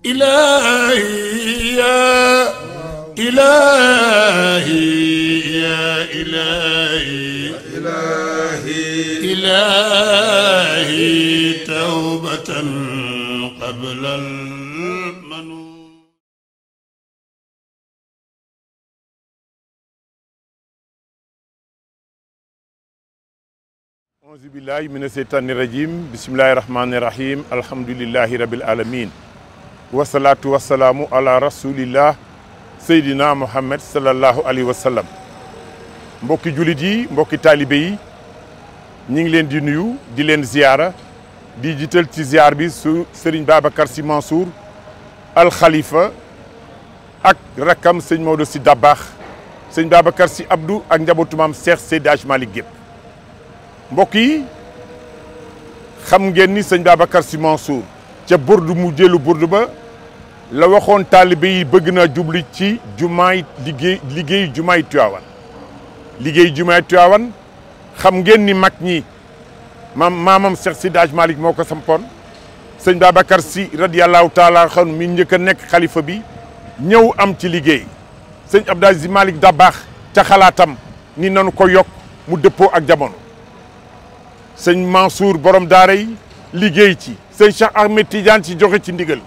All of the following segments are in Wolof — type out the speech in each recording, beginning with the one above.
إلهي يا إلهي يا إلهي إلهي إلهي توبة قبل المنون أعوذ بالله من الشيطان الرجيم بسم الله الرحمن الرحيم الحمد لله رب العالمين والصلاه والسلام على رسول الله سيدنا محمد صلى الله عليه وسلم مبوكي جوليدي مبوكي طالبي نيغ لين دي نيو دي لين زياره دي جيتال تي زيار بي سيرن بابكر سي منصور الخليفه اك ركام سيرن مودو سي دباخ سيرن بابكر سي عبدو اك نجابوت مام شيخ سيداج مالك جيب مبوكي خم نين ني سيرن بابكر سي منصور ca burdu mu jëlu burdu ba la waxoon taalibe yi bëgg naa jubli ci jumaay liggéey liggéey jumaay Tiwaawan liggéey jumaay Tiwaawan xam ngeen ni mag ñi maam maamam Cheikh Sidi Aj Malick moo ko sampoon sëñ Babacar Sy radiyallahu taala xan mi njëkk a nekk xalifa bi ñëw am ci liggéey sëñ Abdou Aziz Malick Dabakh ca xalaatam ni nanu ko yokk mu dëppoo ak jamono sëñ Mansour borom daara yi liggéey ci sëñ Cheikh Ahmed Tidiane ci joxe ci ndigal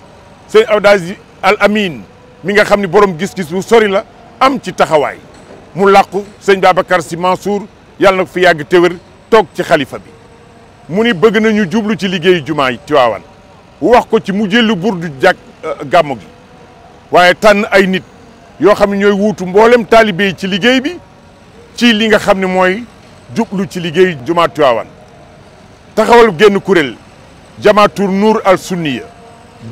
sëñ Abdazi Al Amin mi nga xam ni boroom gis-gis bu sori la am ci taxawaay mu làqu sëñ Babacar Sy Mansour yàlla na ko fi yàgg téwér toog ci xalifa bi mu ni bëgg nañu jublu ci liggéey jumaa yi Tiwaawan wax ko ci mu jëllu burdu jàkk euh, gàmmu gi waaye tànn ay nit yoo xam ne ñooy wuutu mboolem taalibe yi ci liggéey bi ci li nga xam ni mooy jublu ci liggéey jumaa Tiwaawan taxawal génn kuréel jamaatur Nour al sunniya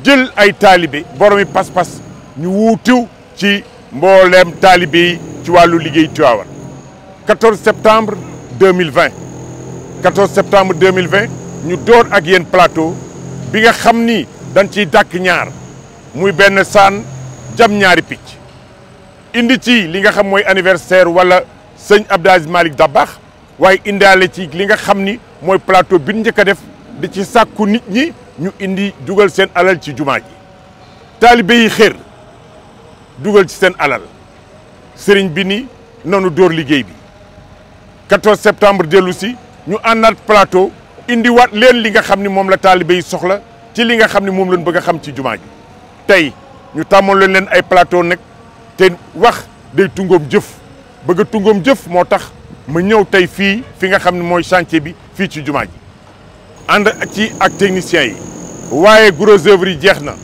jël ay taalibe boromi pas pass ñu wuutiw ci mbollem talibé ci walu liggéey Tiwaawan 14 septembre 2020 14 septembre 2020 ñu door ak yeen plateau bi nga xamni dañ ci dak ñaar muy benn saan jam ñaari picc indi ci li nga xam moy anniversaire wala sëñ Abdou Aziz Malick Dabakh waye indalé ci li nga xamni moy plateau bi njëkk a def di ci sàkku nit ñi ñu indi dugal seen alal ci jumaa ji taalibe yi xër dugal ci seen alal sëriñ bi ni noonu dóor liggéey bi 14 septembre dellu si ñu ànnaat indi indiwaat leen li nga xam ni moom la taalibe yi soxla ci li nga xam ni moom lañ bëgg a xam ci jumaa ji tey ñu tàmmoon leen leen ay plateau nag te wax day tungoom jëf bëgg a tungoom jëf moo tax ma ñëw tey fii fi nga xam ne mooy chantier bi fii ci jumaa ji ànd ci ak techniciens yi waaye gros œuvre yi jeex na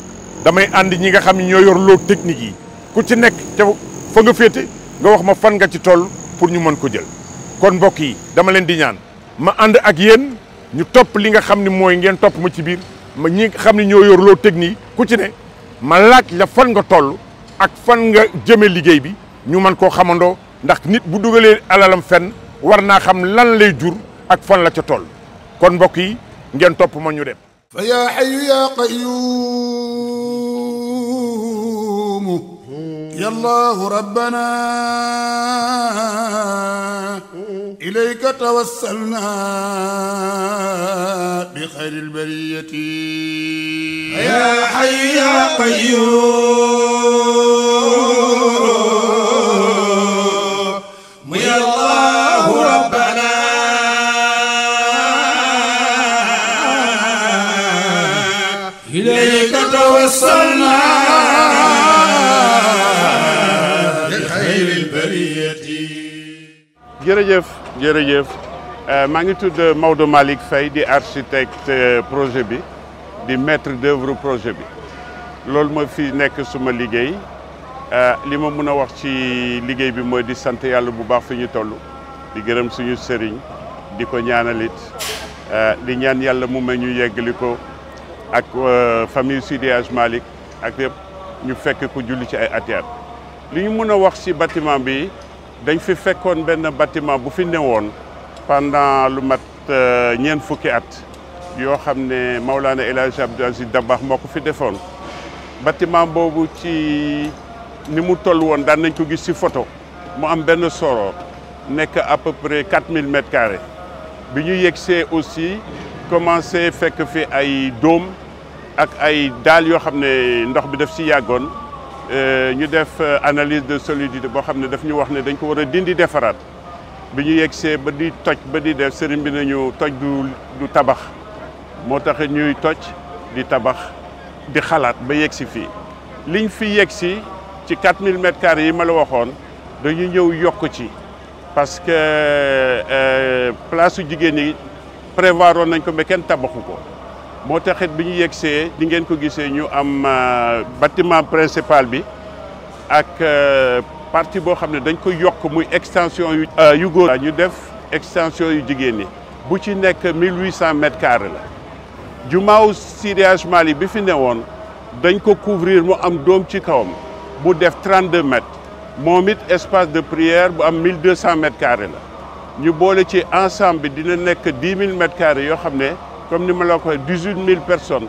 damay ànd ñi nga xam ne ñoo yor loo technique yi ku ci nekk te fa nga féete nga wax ma fan nga ci toll pour ñu mën ko jël kon mbokk yi dama leen di ñaan ma ànd ak yéen ñu topp li nga xam ne mooy ngeen topp ma ci biir ma ñi nga xam ne ñoo yor loo technique ku ci ne ma laaj la fan nga toll ak fan nga jëme liggéey bi ñu mën koo xamandoo ndax nit bu dugalee alalam fenn war naa xam lan lay jur ak fan la ca toll kon mbokk yi ngeen topp ma ñu dem fa yaa xayu yaa qayuumu yallaahu rabbana ilayka tawassalna bi xayril bariyati fa yaa xayu yaa qayuum jërëjëf euh, maa ngi tudd euh, Maodo Malick Faye di architecte euh, projet bi di maître d'œuvre projet bi loolu mooy fi nekk suma liggéey li ma mun a wax ci liggéey bi mooy di sant yàlla bu baax fi ñu toll di gërëm suñu sëriñ di ko ñaanalit di ñaan yàlla mu may ñu yeggali ko ak famille Seydi Hadji Malick ak yëpp ñu fekk ko julli ci ay atiyaat li ñu mën a wax ci bâtiment dañ fi fekkoon benn bâtiment bu fi newoon pendant lu mat euh, ñeen fukki at yoo xam ne Maulana El Hadj Abdou Aziz Dabakh moo ko fi defoon bâtiment boobu ci ni mu toll woon daan nañ ko gis ci photo mu am benn soro nekk à peu près 4000 mètres carrés bi ñu yegsee aussi commencé fekk fi ay dôme ak ay daal yoo xam ne ndox bi daf ci yàggoon Euh, ñu def euh, analyse de solidité boo xam ne daf ñu wax ne dañ ko war a dindi defaraat bi ñu yegsee ba di toj ba di def sëriñ bi nañu toj du tabax moo tax ñuy toj di tabax di xalaat ba yegsi fii liñ fi yegsi ci 4000 mètres carrés yi ma la waxoon dañu ñëw yokk ci parce que euh, place su jigéen prévoir prévoiroon nañ ko mais kenn tabaxu ko motaxit biñu yexé di ngeen ko gissé ñu am euh, bâtiment principal bi ak euh, parti bo xamné dañ ko yok muy extension yu euh, go ñu def extension yu jigéni bu ci nek 1800 mètres carrés la djumaaw sidiage mali bi fi néwon dañ ko couvrir mu am dom ci kawam bu def 32 mètres momit espace de prière bu am 1200 mètres carrés la ñu bolé ci ensemble dina nek 10000 mètres carrés yo xamné comme nous l'avons fait, 18 000 personnes,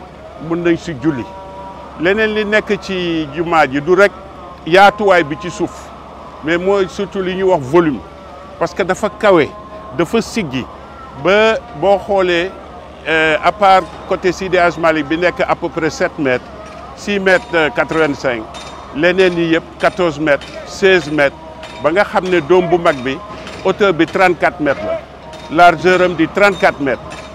nous avons fait Julie. L'année dernière, nous avons ce du mal, il y a tout à fait petit souffle. Mais surtout, nous avons fait volume. Parce que nous avons fait Kawé, nous avons fait Sigi. Mais bon, on a euh, à part le côté Sidi Azmali, il y a à peu près 7 mètres, 6 mètres 85. L'année dernière, 14 mètres, 16 mètres. Quand vous savez que le dôme la hauteur est de 34 mètres. La largeur est de 34 mètres.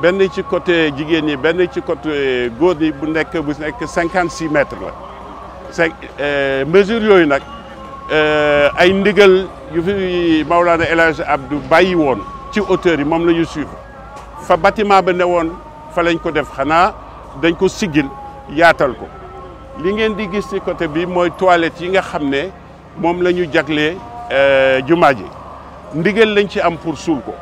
benn ci côté jigéen ñi benn ci côté góor bu nekk bu nekk cinquante six mètres la cinq euh, mesure yooyu nag euh, ay ndigal yu fi Maolana El Hadj Abdou bàyyi woon ci hauteur yi moom la ñu suivre fa bâtiment ba ne woon fa lañ ko def xanaa dañ ko siggil yaatal ko li ngeen di gis ci côté bi mooy toilette yi nga xam ne moom la ñu jaglee euh, jumaa ji ndigal lañ ci am pour suul ko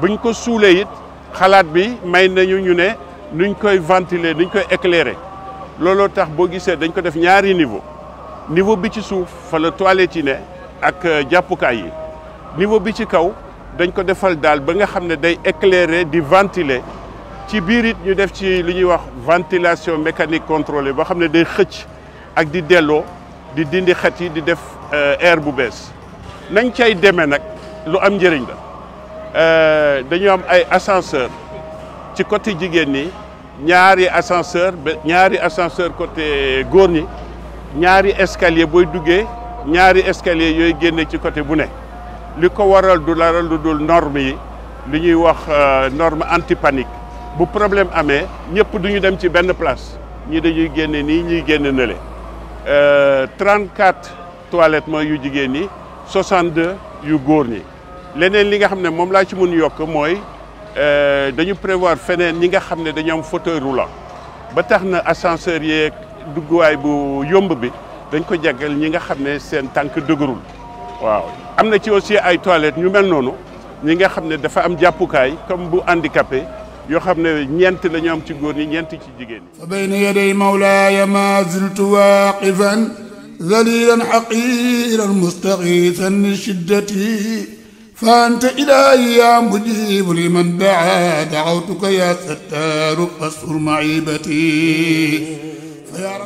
buñ ko suulee xalaat bi may nañu ñu ne nuñ koy ventiler nuñ koy éclairer looloo tax boo gisee dañ ko def ñaari niveau niveau bi ci suuf fa la toilette yi ne ak euh, jàppukaay yi niveau bi ci kaw dañ ko defal daal ba nga xam ne day éclairer di ventiler ci biir it ñu def ci lu ñuy wax ventilation mécanique contrôlée boo xam ne day xëcc ak di delloo di dindi xet yi di def euh, air bu bees nañ cay demee nag lu am njëriñ la Euh, dañu am ay ascenseur ci côté du ñi ñaari ascenseur ñaari ascenseur côté gourni, ñi ñaari escalier boy des ñaari escalier yoy génne ci côté bu Le li de la norme. laral lu dul norme anti-panique. ñuy wax euh, norme antipanique bu problème de duñu dem ci benn place ñi dañuy de 34 toilettes 62 yu gourni. leneen li nga xam ne moom laa ci mun yokk mooy dañu prévoir feneen ñi nga xam ne dañu am fauteuil roulant ba tax na ascenseur yeeg dugguwaay bu yomb bi dañ ko jagal ñi nga xam ne seen tànk dëgërul waaw am na ci aussi ay toilettes ñu mel noonu ñi nga xam ne dafa am jàppukaay comme bu handicapé yoo xam ne ñeent la ñu am ci góor ñi ñeent ci jigéen ñi fa bayna yaday mawlaaya ma ziltu waaqifan zalilan xaqiran mustaqiisan min shiddati فأنت إلهي يا مجيب لمن دعا دعوتك يا ستار فاستر معيبتي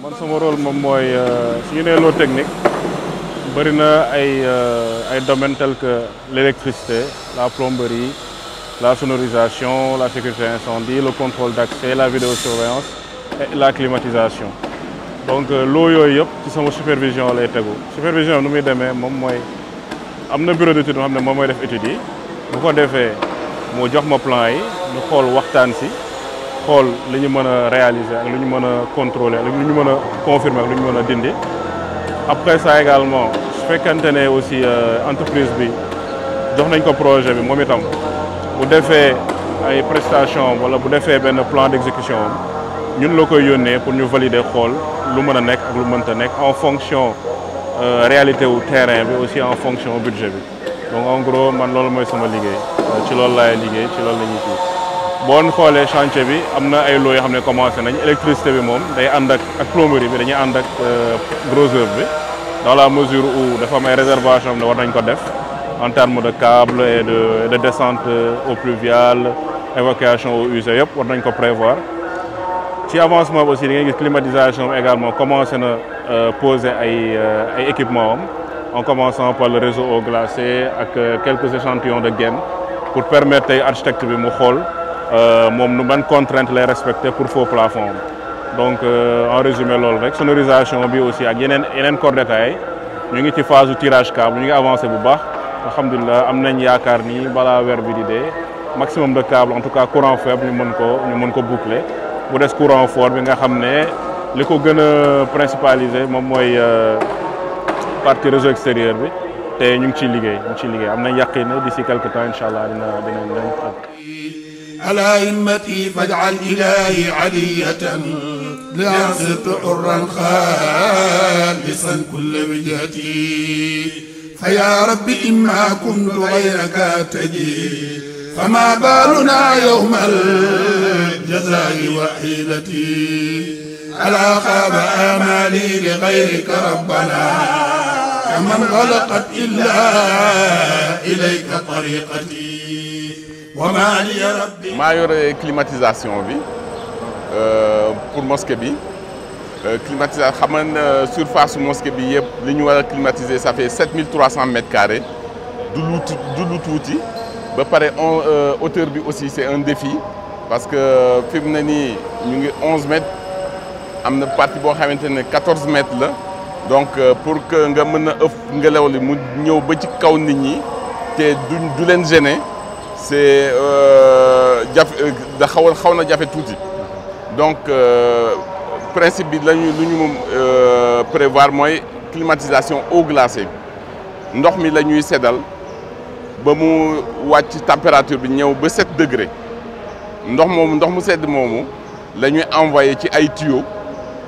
man sama rôle moom mooy euh, su nee loo technique bëri na ay euh, ay domaines tel que l'électricité la plomberie la sonorisation la sécurité incendie le contrôle d'accès la vidéosurveillance et la climatisation donc euh, loo yooyu yëpp ci sama supervision lay tegu supervision nu muy demee moom amna bureau d'étude yoo xam ne moom def étude yi bu ko défé mo jox ma plan yi ñu xol waxtaan ci xol li mëna réaliser ak lu mëna contrôler ak lu mëna confirmer ak lu mëna mën dindi après ça également su fekkante ne aussi euh, entreprise bi jox nañ ko projet bi moom itam bu défé ay prestation wala bu défé ben plan d'exécution ñun la koy yónnee pour ñu valider xol lu mëna nek ak lu mënta nek en fonction euh, réalité au terrain aussi en fonction budget bi donc en gros man lolu moy sama liggéey euh, ci lolu laay liggéey ci loolu la ñuy kii boo chantier bi amna ay lo yoo xam commencé nañ électricité bi mom day and ak plomberie bi dañuy and ak euh, gros œuvre bi dans la mesure où dafa am ay réservation am war nañ ko def en termes de câbles et de de descente au pluvial évacuation aux usages, on war nañ ko prévoir ci avancement aussi dañuy gis climatisation également commencé na. Euh, poser ay euh, équipement en commençant par le réseau au glacé avec euh, quelques échantillons de gain pour permettre à l'architecte de mu les contraintes contraintes respecter pour faux plafond donc en résumé la sonorisation bi aussi avec y a corps détail ñu ngi ci phase de tirage câble nous avons avancé bu baax alhamdulilah un nañ ni maximum de câble en tout cas courant faible ñu mën ko ñu mën boucler bu des courant fort bi nga li ko gën a principaliser moom mooy partie réseau extérieur bi te ñu ngi ciy liggéey ñu ngi ciy liggéey am nañ yàqin d'ici quelques temps incha allah dina dina dinañ xam. على همتي فاجعل إلهي علية لا صرت حرا خالصا كل وجهتي فيا رب إما كنت غيرك تجي فما بالنا يوم الجزاء وحيلتي على خاب آمالي لغيرك ربنا كمن غلقت إلا إليك طريقتي وما لي ربي ما يوري climatisation bi euh, pour mosquée bi euh, climatisation xam nga euh, surface mosquée bi yëpp li ñu war a climatiser ça fait 7300 mètres carrés du lu du lu tuuti ba pare euh, hauteur bi aussi c'est un défi parce que fi mu ne nii ñu ngi 11 mètres am parti partie boo xamante 14 mètres là. donc euh, pour que nga mën a nga ngelaw li mu ñëw ba ci kaw nit ñi té du du leen gêner c'est euh, jafe euh, da xawal xawna na jafe donc donc principe bi lañu lu euh prévoir moy climatisation eau glacée ndox mi lañuy sédal ba mu wacc température bi ñëw ba 7 degrés. ndox mom ndox mu sédd momu la envoyer envoyé ci ay tuyaux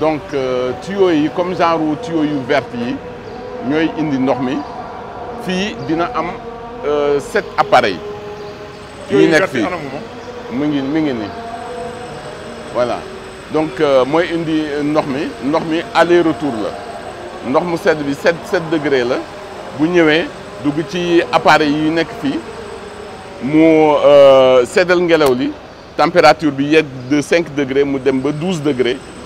Donc, euh, tuyaux, comme genre les tuyaux verts, nous avons des normes. Ici, nous avons 7 appareils. Tuyaux verts, c'est un moment Voilà. Donc, nous avons des normes. aller-retour. Les normes sont 7, 7 degrés. Là. Si vous avez des appareils qui sont ici, vous avez température températures de 5 degrés, 12 degrés.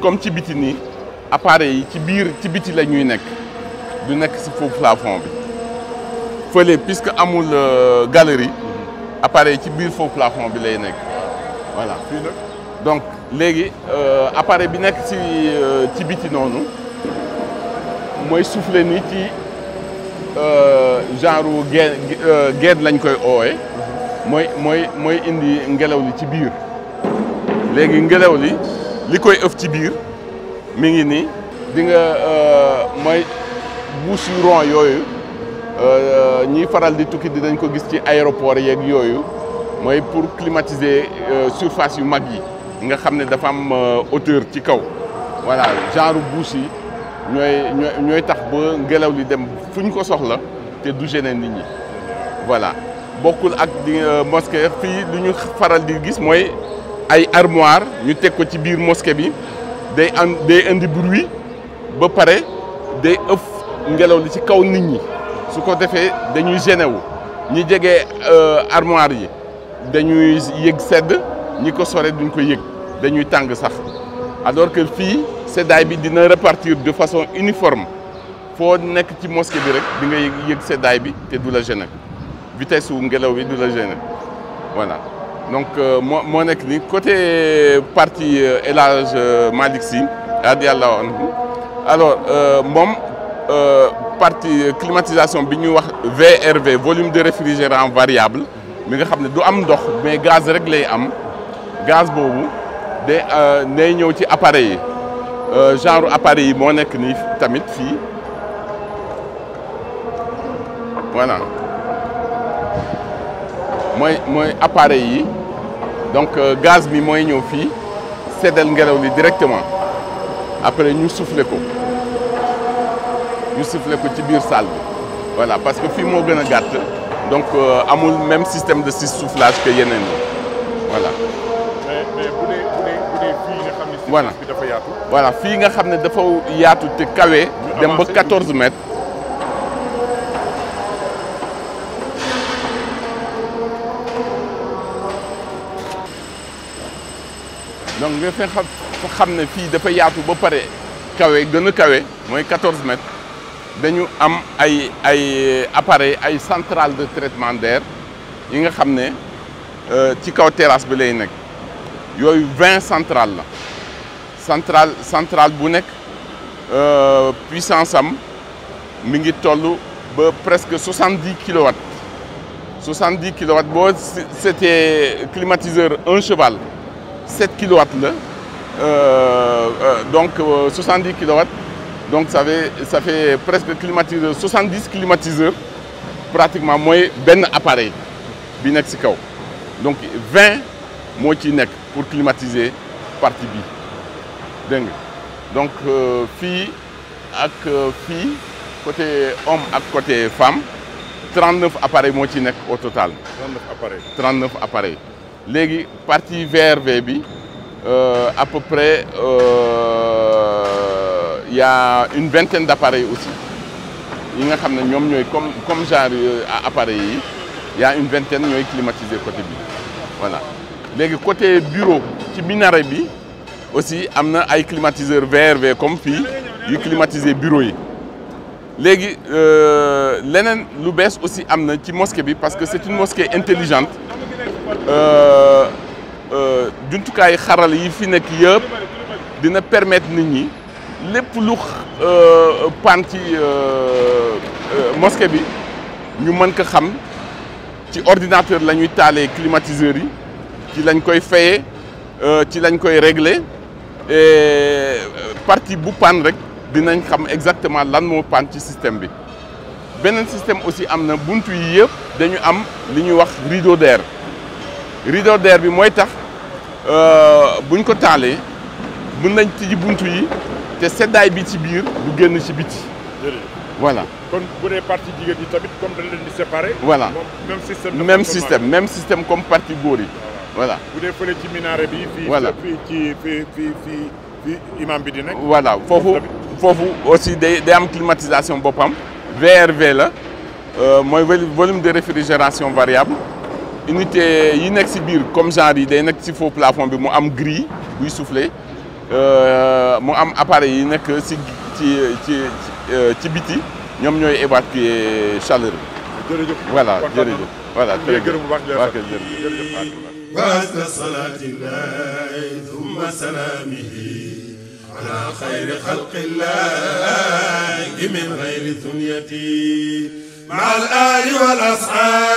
comme ci à nii appareil yi ci biir ci biti la ñuy nekk du nekk si faux plafond bi puisque amul euh, galerie appareil ci biir faux plafond bi lay voilà donc euh, appareil bi nekk ci euh, ci biti noonu mooy soufflé ni ci euh, genre ge geed lañ koy moi moi moi mooy indi ngelaw Tibir. ci biir li koy ëf ci biir mi ngi nii di nga euh, mooy bouche yu rond yooyu euh, ñiy faral di tukki dinañ ko gis ci aéroport yeeg yooyu mooy pour climatiser euh, surface yu mag yi nga xam ne dafa am hauteur ci kaw voilà genre bouche yi ñooy ñooy ñooy tax ba ngelaw li dem fu ko soxla te du gêner nit ñi voilà bokkul ak di mosquée fii lu ñu faral di gis mooy ay armoire ñu teg ko ci biir mosquée bi day am day indi bruit ba paré day euf ngelaw li ci kaw nit ñi su ko defee dañuy gêné wu ñi jege euh, armoire yi dañuy yegg sedd ñi ko sore duñ ko yegg dañuy tang sax alors que fii seddaay bi dina repartir de façon uniforme foo nekk ci mosquée bi rek di nga yëg seddaay bi te du la gêné vitesse wu ngelaw bi du la gêné voilà donc euh, moi mon nekk ni côté parti euh, El Hadj euh, Malick Sy Alors, euh, alors euh, partie climatisation bi wax VRV volume de réfrigérant variable mi nga xam ne du am ndox mais gaz rek lay am gaz boobu des day ñëw ci appareil genre appareil mon moo nekk tamit fi. voilà mooy mooy appareil yi donc euh, gaz bi moy ñeu fi sédel ngelaw li directement après ñu soufflé ko ñu soufflé ko ci biir salle bi voilà parce que fi mo gëna gatt gàtt donc euh, amul même système de six soufflage que yenen voilà. mais mais bu dee bu nga xam ne. voilà dafa yaatu. voilà fi nga xamné dafa yaatu te kawé dem ba 14 mètres. donc je fexe xam ne fii dafa ba kawé, a 14 mètres dañu am ay ay euh, appareil ay centrale de traitement d'air yi nga xam ne euh, ci kaw terrasse il y a 20 centrale la centrale centrale bu euh, puissance am presque 70 kW. 70 kW, c'était climatiseur un cheval 7 kW euh, euh, donc 70 euh, kW donc ça fait ça fait presque climatiseur 70 climatiseurs pratiquement moins ben appareil donc 20 moitié pour climatiser partie B, donc fille et fille, côté homme à côté femme 39 appareils moitié au total. 39 appareils. Les partie VRV bi euh, à peu près il euh, y a une vingtaine d'appareils aussi yi nga a comme comme comme genre d'appareils, euh, il y a une vingtaine ñooy climatisé côté bi voilà léegi côté bureau ci minaret bi aussi am na ay climatiseur VRV comme fii yu climatisé bureau yi léegi leneen lu aussi amène qui ci mosquée bi parce que c'est une mosquée intelligente euh, euh, jumtukaayu xaral yi fi nekk yëpp dina permettre nit ñi lépp lu euh, pan ci mosquée bi ñu mën ko xam ci ordinateur la ñuy taalee climatiseurs yi ci lañ koy fayee ci lañ koy régler et parti bu panne rek dinañ xam exactement lan moo pan ci système bi beneen système aussi am un buntu yi yëpp dañu am li ñuy wax rideau d'air rideau d'air bi moy tax euh, buñ ko talé mën nañ tijji buntu yi té bi ci du génn ci voilà kon vous parti yi tamit comme voilà même système même système comme partie góor voilà. bu dee ci minaret. bi. voilà fi ci fi vous imam bi di aussi day am climatisation VRV la euh, volume de réfrigération variable unité yi nek ci bir comme genre yi day nekk si faux plafond bi mu am gris buy soufflé euh mu am appareil yi nek ci ci ci euh, ci biti ñom ñoy évacuer chaleur bi. jërëjëf voilà jërëjëf voilà très bien waaw kay jërëjëf. وأثنى صلاة الله ثم سلامه على خير خلق الله من غير ثنيتي مع الآل والأصحاب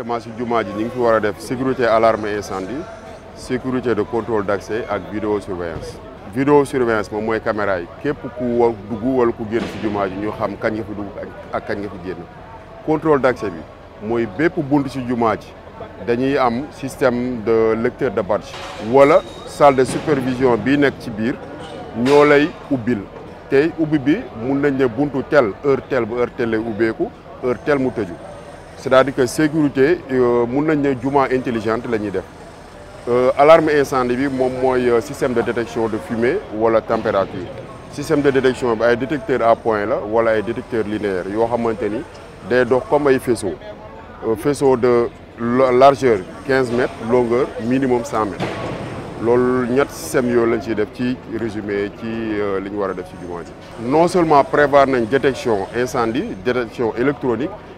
exactement si jumaa nous ñu ngi fi def sécurité alarme incendie sécurité de contrôle d'accès et vidéo surveillance vidéo surveillance moom caméra yi képp ku wa dugg wala ku génn si jumaa ji ñu xam kañ ak kañ nga fi contrôle d'accès bi mooy bépp bunt si jumaa ji dañuy am système de lecteur de badge wala salle de supervision bii nekk ci biir ñoo lay ubbil tey ubbi bi mun nañ ne buntu tel heure tel ba heure tel lay ubbeeku heure tel mu tëju c'est-à-dire que euh, la sécurité est intelligente L'alarme et alarme incendie bi euh, système de détection de fumée ou de température système de détection est un détecteur à point ou un détecteur linéaire Il xamante des des faisceaux. comme faisceaux euh, de largeur 15 mètres longueur minimum 100 mètres C'est système lañ ciy résumé non seulement prévoir une détection incendie détection électronique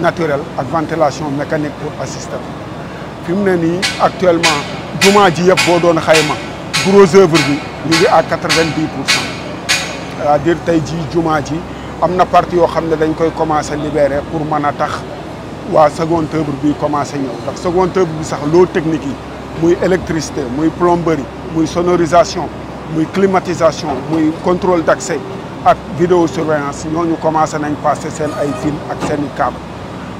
naturel avec ventilation mécanique pour assister fi actuellement jumaa ji yëpp boo doon xayma gros œuvre bi à 90%. c'est-à-dire tey jii il y a une partie dañ libérer pour y a tax seconde œuvre bi commencer seconde œuvre bi sax technique l'électricité, électricité plomberie la sonorisation la climatisation le contrôle d'accès vidéo surveillance. nous commençons à passer à ay fil et les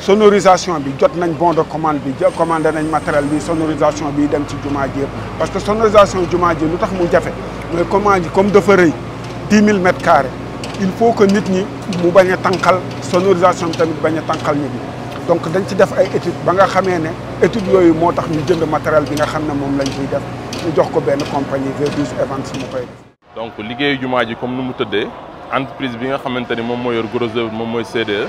sonorisation bi jot nañ bon de commande bi commandé nañ matériel bi sonorisation bi dem ci djuma ji parce que sonorisation djuma ji lutax tax mu mais mooy commande comme de rëy dix mille mètres carrés il faut que nit ñi mu baña tankal sonorisation tamit baña tankal nit ñi donc dañ ci def ay étude ba nga xamé né étude yoyu moo tax ñu jënd matériel bi nga xamné mom lañ ciy def ñu jox ko benn compagnie V12 Events mu koy def donc liggéeyu djuma ji comme nous mu tëddee entreprise bi nga xamante mom moom yor gros œuvre mom moy CDE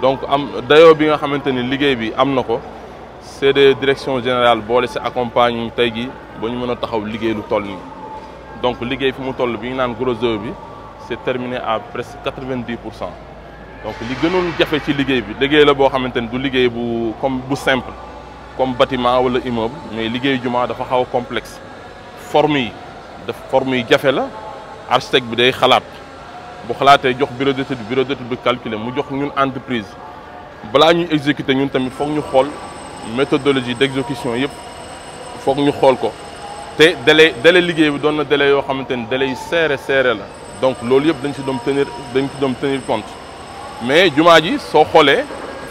donc am bien bi nga xamante ni liggéey bi am c'est des directions direction générale boole c'est accompagne bon, gi ba a taxaw liggéey lu toll donc liggéey fi mu toll bi bien naan gros œuvre bi c'est terminé à presque 90 donc li gënoon jafe ci liggéey bi liggéey la boo xamante ni du liggéey bu comme bu simple comme bâtiment wala immeuble mais liggéey jumaa dafa xaw a complexe forme yi daf forme yi jafe la architecte bi day xalaat bu xalaatee jox bureau d'étude bureau de bi calculer mu jox ñun entreprise balaa ñuy exécuter ñun tamit foog ñu xool méthodologie d'exécution yëpp faut ñu xool ko te délai délai liggéey bi délai yo xamante délai serré serré la donc loolu yëpp dañ ci dom tenir dañ si tenir compte mais jumaa ji soo xoolee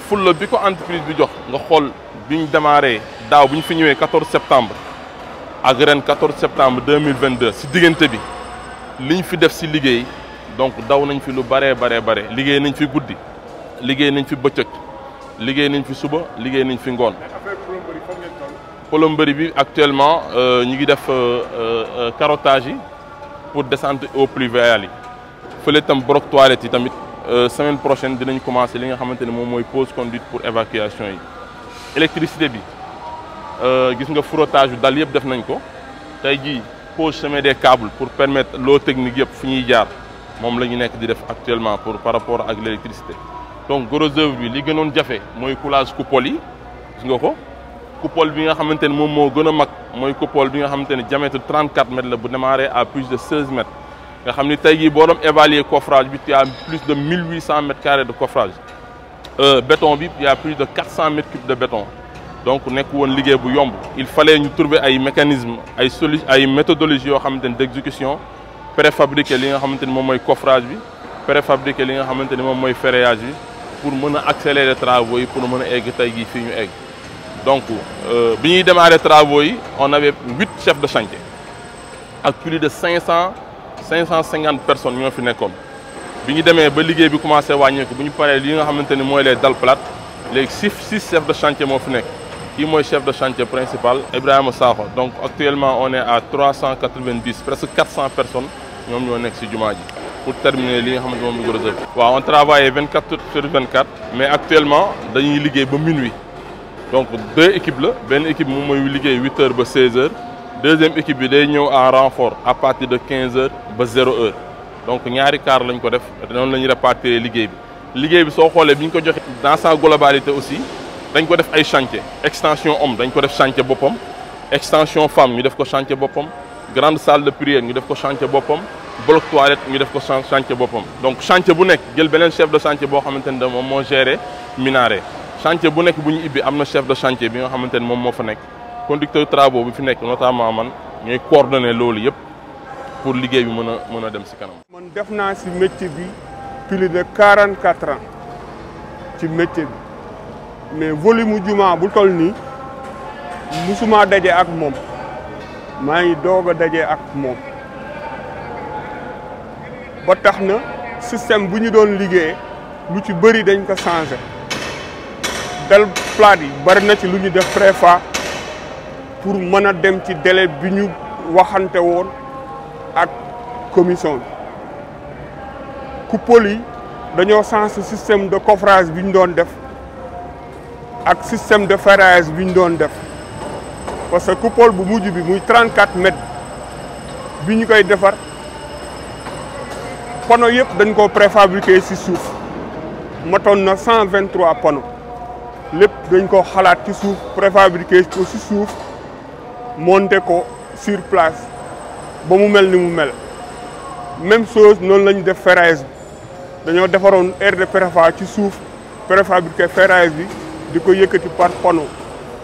fulla bi ko entreprise bi jox nga xol biñu démarré daw bi fi ñëwé 14 septembre ak ren 14 septembre 2022 ci diggante bi li fi def ci liggéey donc daw nañ fi lu bëree baree bare liggéey nañ fi guddi liggéey nañ fi bëccëg liggéey nañ fi suba liggéey nañ fi ngoon. plomberie bi actuellement euh, ñu ngi def euh, euh, carottage yi pour descente eaux pluviales yi fële tam broc toilette yi tamit semaine prochaine dinañ commencer li nga xamante ne moom mooy pose conduite pour évacuation yi. électricité bi gis nga frottage dal yëpp def nañ ko tey jii pose semé des câbles pour permettre l'eau technique yëpp fu ñuy jaar mom lañu nek di def actuellement pour par rapport à l'électricité. donc gros œuvre bi li gënon jafé moy coulage coupole yi gis nga ko coupole bi nga xamante ne moom moo mag moy coupole bi nga xamante diamètre 34 mètres la bu démarré à plus de 16 mètres nga xamni tay le borom évaluer coffrage bi tu a plus de 1800 mètres carrés de coffrage euh, béton bi y a plus de 400 mètres cubes de béton donc nek won liggéey bu yomb il fallait ñu trouver ay mécanismes ay ay méthodologies yo préfabriquer li nga xamante ni moom coffrage bi préfabriquer li nga xamante ni moom ferraillage bi pour mën a accélérer travaux yi pour mën a egg tey jii fii donc euh, bi ñuy démarrer travaux yi on avait huit chefs de chantier ak plus de 500, 550 personnes ñoo fi nekkoon bi ñu demee ba liggéey bi commencé wàññeeku bu ñu paree li nga xamante ni les dalles plates Les six chefs de chantier moo fi nekk kii mooy chef de chantier principal Ibrahim Sakho donc actuellement on est à 390, presque 400 personnes nous pour terminer les On travaille 24 heures sur 24, mais actuellement, on ligue à minuit. Donc deux équipes, une équipe qui est de 8 h à 16 heures, deuxième équipe qui est en renfort à partir de 15 h à 0 h Donc on a quart on a réparti les ligues. Les dans sa globalité aussi, on a fait des chantiers. Extension homme, on a fait des chantiers. Extension femme, on a fait des chantiers grande salle de prière ñu def ko chantier boppam bloc toilette ñu def ko chantier boppam donc chantier bu nekk jël beneen chef de chantier boo xamante ne moom géré minare. chantier bu nekk bu ñu ibbi am chef de chantier bi nga xamante ne moom fa conducteur travaux bi fi nekk notamment man ñooy coordonné loolu yëpp pour liggéey bi Mon a a dem si kanam. man def métier bi plus de 44 ans ci métier mais volume mu jumaa bu toll nii musuma daje ak moom. maa ngi doog a daje ak moom ba tax na système bu ñu doon liggéey lu ci bëri dañ ko changé dal plate yi bari na ci lu ñu def préfa pour mën a dem ci délai bi ñu waxante woon ak commission bi coupole yi dañoo changé système de coffrage bi ñu doon def ak système de ferrage bi ñu doon def parce que coupole bu mujj bi muy 34 mètres bi ñu koy defar panneau yëpp dañ ko préfabriqué ci suuf matoon na 123 panneau lépp dañ ko xalaat ci suuf préfabriqué ko ci suuf monté ko sur place ba mu mel ni mu mel même chose noonu lañu def ferraille bi dañoo defaroon aire de préfa ci suuf préfabriqué ferraille bi di ko yëkkati par panneau.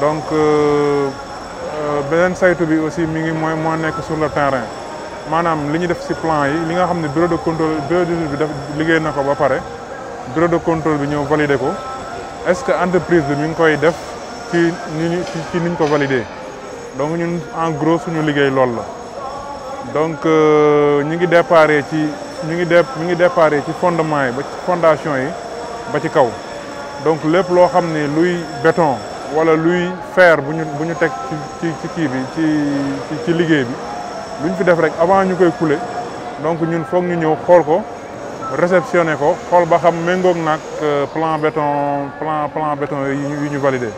donc euh, euh, beneen saytu bi aussi mi ngi mooy moo nekk sur le terrain maanaam li ñu def si plan yi li nga xam ne bureau de contrôle bureau de bi def liggéey na ko ba pare bureau de contrôle bi ñëw validé ko est-ce que entreprise bi mi ngi koy def ci ni ci niñ ko validé donc ñun en gros suñu liggéey loolu la donc euh, ñu ngi déparé ci ñu ngi dep ñu ngi déparé ci fondement yi ba ci fondation yi ba ci kaw donc lépp loo xam ne luy béton wala luy faire bu ñu bu ñu teg ci ci ci kii bi ci ci liggéey bi lu fi def rek avant ñu koy couler donc ñun foog ñu ñëw xool ko réceptionné ko xool ba xam méngoog nag euh, plan béton plan plan béton yi ñu validé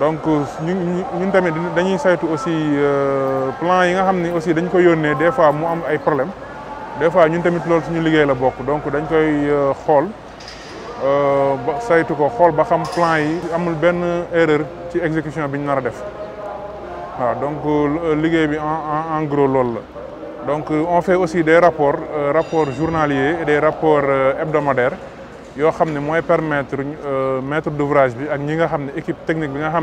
donc euh, ñu ñun tamit dañuy saytu aussi euh, plan yi nga xam ne aussi dañ ko yónnee des fois mu am ay problème des fois ñun tamit loolu suñu liggéey la bokk donc dañ koy xool il euh, saytu ko erreur exécution donc euh, en gros donc euh, on fait aussi des rapports rapports journaliers et des rapports hebdomadaires Yo permettre d'ouvrage équipe technique bi nga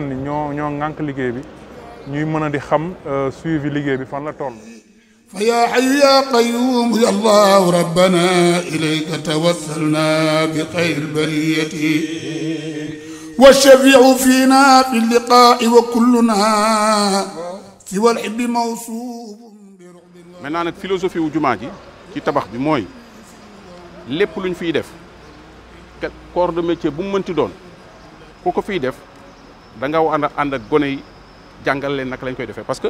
suivi la فيا حي يا قيوم يا الله ربنا إليك توسلنا بخير البرية والشفيع فينا في اللقاء وكلنا سوى الحب موصوب من أنا فيلوزوفي وجماجي كي تبخ دي موي لب لون في يدف كورد دو ميتي بوم من تدون كوكو في يدف داغا اندك غوني جانغال لين ناك لا نكاي ديفه باسكو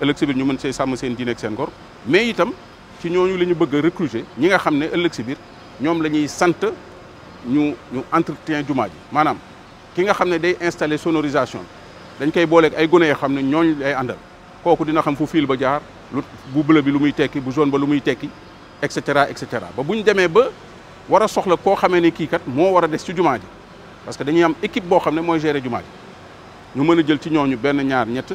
ëllëg si ñu mën see sàmm seen diine ak seen ngor mais itam ci ñooñu la ñu bëgg a ñi nga xam ne ëllëg si biir ñoom la ñuy sant ñu ñu entretien jumaa maanaam ki nga xam ne day installer sonorisation dañ koy booleeg ay gone yoo xam ne ñooñ lay àndal kooku dina xam fu fiil ba jaar lu bu bleu bi lu muy tekki bu jaune ba lu muy tekki et cetera et cetera ba bu ñu demee ba war a soxla koo xamee ne kii kat moo war a des ci jumaa ji parce que dañuy am équipe boo xam ne mooy gérer jumaa ji ñu mën a jël ci ñooñu benn ñaar ñett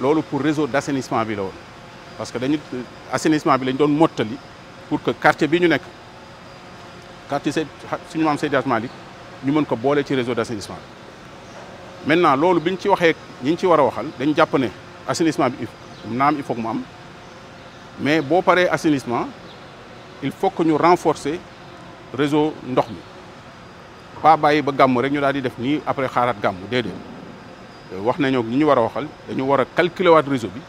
loolu pour réseau d'assainissement assainissement bi la woon parce que dañu assainissement bi lañ doon mottali pour que quartier bi ñu nekk quartier Sey suñu maam Seydi Hadji Malick ñu mën ko boole ci réseau d' assainissement bi. maintenant loolu bi ñu ci waxee ñi ñu ci war a waxal dañu jàpp ne assainissement bi naam il faut que mu am mais boo paree assainissement il faut que ñu renforcer réseau ndox mi pas bàyyi ba gàmm rek ñu daal di def nii après xaaraat gàmm déedéet wax ñu a waxal dañu wara calculer réseau bi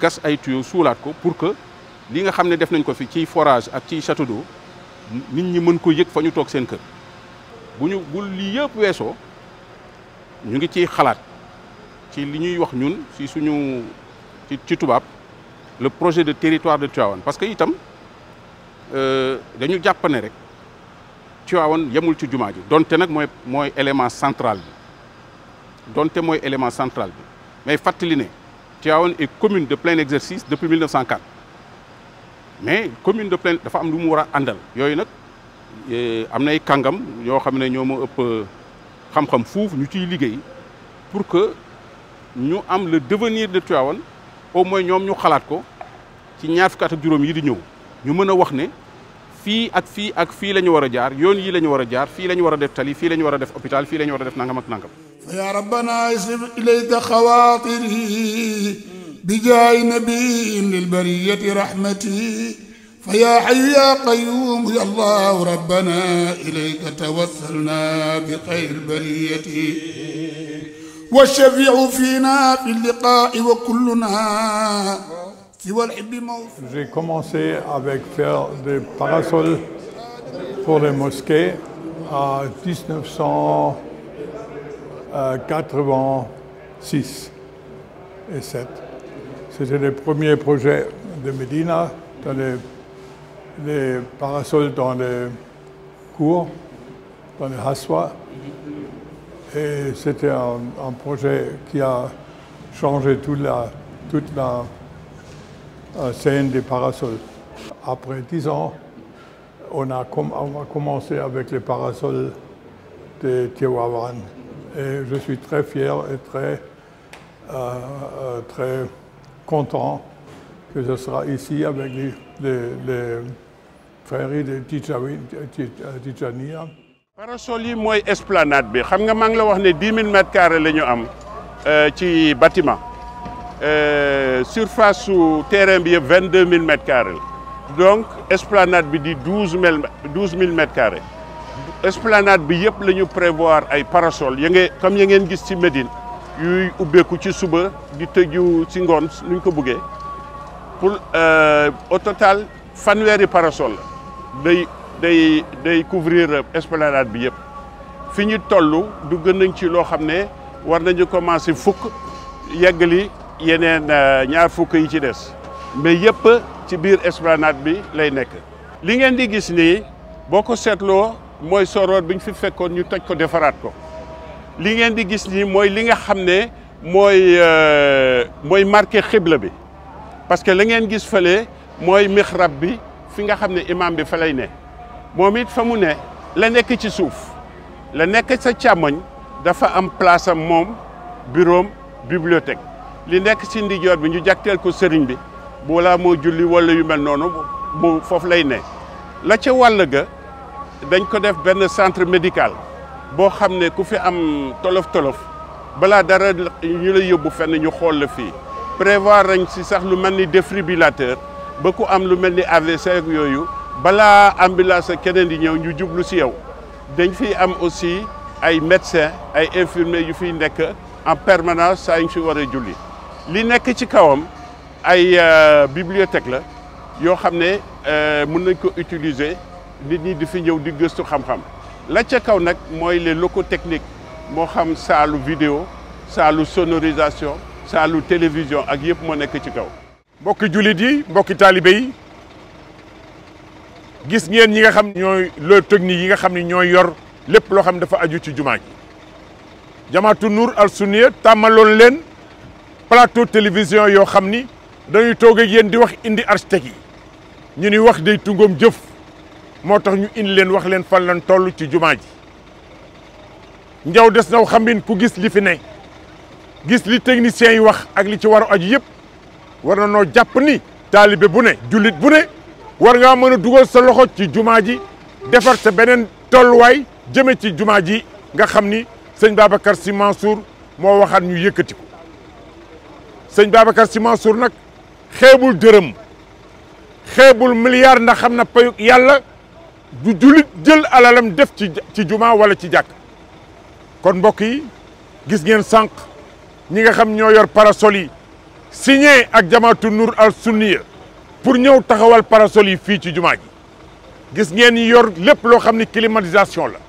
gas ay tuyaux ko pour que li nga xamné def forage ak ci château d'eau nit ñi mën ko fa tok seen kër buñu bu si suñu ci le projet de territoire de Tivaouane parce que itam euh, dañu jàpp ne rek Tivaouane yamul ci élément central c'est un élément central mais que est commune de plein exercice depuis 1904 mais commune de plein exercice a commune de xam e, pour que ñu am le devenir de Tivaouane au moins ñoom ñu xalaat ko ci ñaar ak fi ak fi ak fi lañu wara jaar yoon yi lañu wara jaar fi lañu wara def tali fi lañu wara def hôpital fi lañu wara def nangam ak nangam. فيا ربنا اسلم إليك خواطري بجاه نبي للبرية رحمتي فيا حي يا قيوم يا الله ربنا إليك توسلنا بخير برية والشفيع فينا في اللقاء وكلنا J'ai commencé avec faire des parasols pour les mosquées en 1986 et 7. C'était le premier projet de Medina, dans les, parasols dans les cours, dans les haswa. Et c'était un, projet qui a changé toute la euh, scène des parasols. Après dix ans, on a, on a commencé avec les parasols de Tiwawan. Et je suis très fier et très, euh, euh, très content que je sera ici avec les, les, les prairies de Tijania. parasol yi esplanade bi xam nga maa la wax 10 000 m carrés la ñu euh, bâtiment euh, surface su terrain bi 22 000 mètres carrés donc esplanade bi di douze mille mètres carrés esplanade bi yëpp lañu prévoir ay parasol Yenge, ngeen comme ya ngeen gis ci yu ubbe ubbeeku ci suba di tëju ci ngoon nuñ ko buggee pour euh, au total fanweeri parasol day day day couvrir esplanade bi yëpp fiñu tollu du dugg nañ ci lo xamné war nañu commencer fuk yeggali yeneen euh, ñaar fukk yi ci des mais yëpp ci biir esplanade bi lay nekk li ngeen di gis nii boo ko seetloo mooy soroor bi fi fekkoon ñu toj ko defaraat ko li ngeen di gis nii mooy li nga xam ne mooy euh, mooy marqué xibla bi parce que li ngeen gis fële mooy mihrab bi fi nga xam ne imam bi fa lay ne moom it fa mu ne la nekk ci suuf la nekk sa càmmoñ dafa am place am moom bureau bibliothèque li gens qui ont bi ñu jagteel ko sëriñ bi ne la dañ ko def centre médical bo xam ku fi am tolof-tolof balaa dara ñu lay ont fenn ñu xool la prévoir un si sax lu mel défibrillateur ba ku am lu AVC ambulance aussi ay médecins ay infirmiers yu en permanence saa yu li nekk ci kawam ay euh, bibliothèque la yoo xam ne euh, mën nañ ko utiliser nit ñi di fi ñëw di gëstu xam-xam la ca kaw nag mooy les locaux techniques moo xam saalu vidéo saalu sonorisation saalu télévision ak yépp moo nekk ci kaw. mbokki julit yi mbokki taalibe yi gis ngeen ñi nga xam ñooy technique yi nga xam ne ñooy yor lépp loo xam dafa aju ci jumaa gi jamaatu al Sunniya tàmmaloon leen. plateau télévision yoo xam ni dañuy toog ak di wax indi architecte yi ñu ni wax day tungoom jëf moo tax ñu indi leen wax leen fan lan toll ci jumaa ji njaw des naw xamin ku gis li fi ne gis li techniciens yi wax ak li ci war a aju yëpp war na noo jàpp ni taalibe bu ne jullit bu ne war ngaa mën dugal sa loxo ci jumaa ji defar sa beneen tolluwaay jëme ci jumaa ji nga xam ni sëñ Babacar Sy Mansour moo waxaat ñu yëkkati ko sëñ Babacar Sy Mansour nag xeebul dërëm xeebul milliard ndax xam na payug yàlla du jullit jël alalam def ci ci juma wala ci jàkk kon mbokk yi gis ngeen sànq ñi nga xam ñoo yor parasol yi signé ak jamaatu nur al Sunniya pour ñëw taxawal parasol yi fii ci jumaa ji gis ngeen yor lépp loo xam ni climatisation la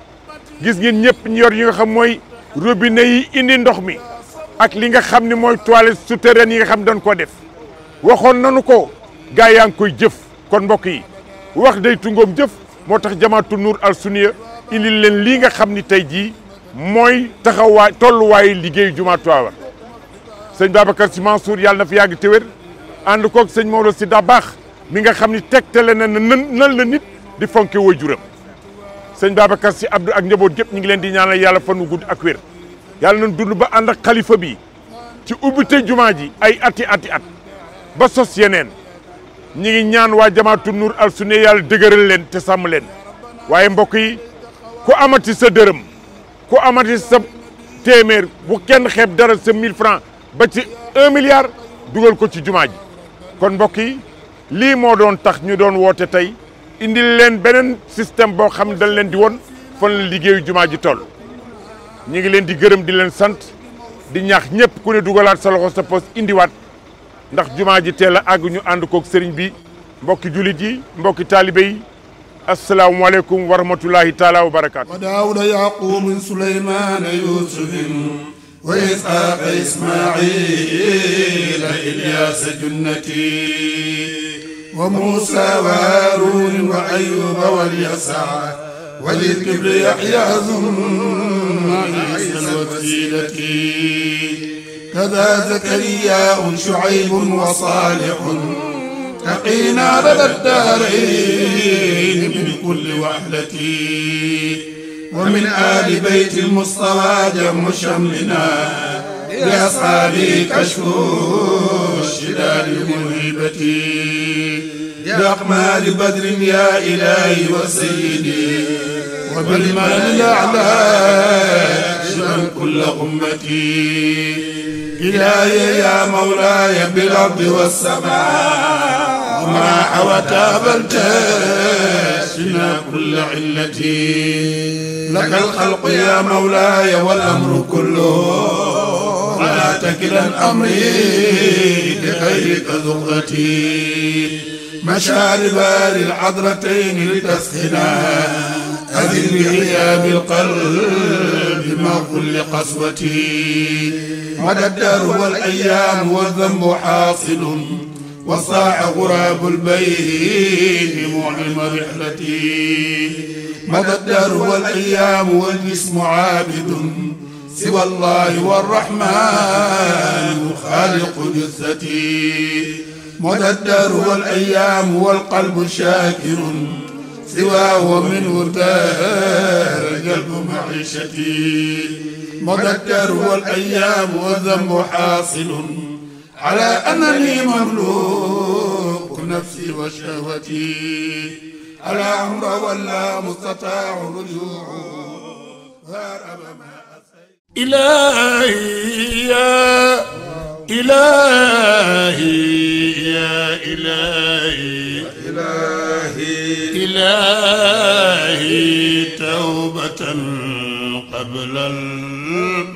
gis ngeen ñëpp ñu yor yi nga xam mooy robinet yi indi ndox mi ak li nga xam ni mooy toilettes souterraines yi nga xam dañ koo def waxoon nanu ko gaa yaa ngi koy jëf kon mbokk yi wax day tungoom jëf moo tax jamaatu Nuur al Sunniya indil leen lii nga xam ni tey jii mooy taxawaay tolluwaayu liggéeyu jumaa Tiwaawan sëñ Babacar Sy Mansour yàlla na fi yàgg te wér ànd koog sëñ Maodo Sy Dabakh mi nga xam ni tegtale na nan nan la nit di fonke waajuram sëñ Babacar Sy Abdou ak njaboot yëpp ñu ngi leen di ñaanal yàlla fan wu gudd ak wér. yalla ñu dund ba and ak khalifa bi ci ubbite jumaa ji ay ati ati at ba sos yenen ñi ngi ñaan wa jamaatu nur al sunne yalla degeural leen te sàmm leen waye mbokk yi ku amati sa deureum ku amati sa témèr bu kenn xeeb dara sa 1000 francs ba ci 1 milliard dugal ko ci jumaa ji kon mbokk yi lii moo doon tax ñu doon wote tay indil leen benen système bo xam dañ leen di won fon la liggéeyu jumaa ji toll ñu ngi leen di gërëm di leen sant di ñax ñëpp ku ne dugalaat sa loxo sa poste indiwaat ndax jumaa ji teel ñu ànd koog sëriñ bi mbokki jullit yi mbokki taalibe yi asalaamualeykum wa rahmatulahi taala wa barakaatu. wa daawuda yaquub suleymaana yuusufin wa isaaqa ismaaciila ilyaasa junnati wa muusaa wa haaruun wa ayuuba wa وللكبر يحيى ثم عيسى الوسيلة كذا زكرياء شعيب وصالح تقينا لدى الدارين من كل وحدة ومن آل بيت المصطفى جم شملنا لأصحابي كشف الشلال مهيبتي بأقمال بدر يا إلهي وسيدي وبالمال الأعلى شمل كل أمتي إلهي يا مولاي بالأرض والسماء وما حوت أبلتشنا كل علتي لك الخلق يا مولاي والأمر كله ولا تكلن أمري لغيرك زغتي مشارب للحضرتين لتسخنا أذن بغياب القلب ما كل قسوتي مدى الدهر والأيام والذنب حاصل وصاع غراب البيت معلم رحلتي مدى الدهر والأيام والجسم عابد سوى الله والرحمن خالق جثتي مدى الدهر والأيام والقلب شاكر سواه من ورداء قلب معيشتي مدى الدهر والأيام والذنب حاصل على أنني مملوك نفسي وشهوتي على عمر ولا مستطاع رجوع غرب ما إلهي يا إلهي يا إلهي إلهي إلهي توبة قبل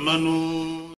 المنون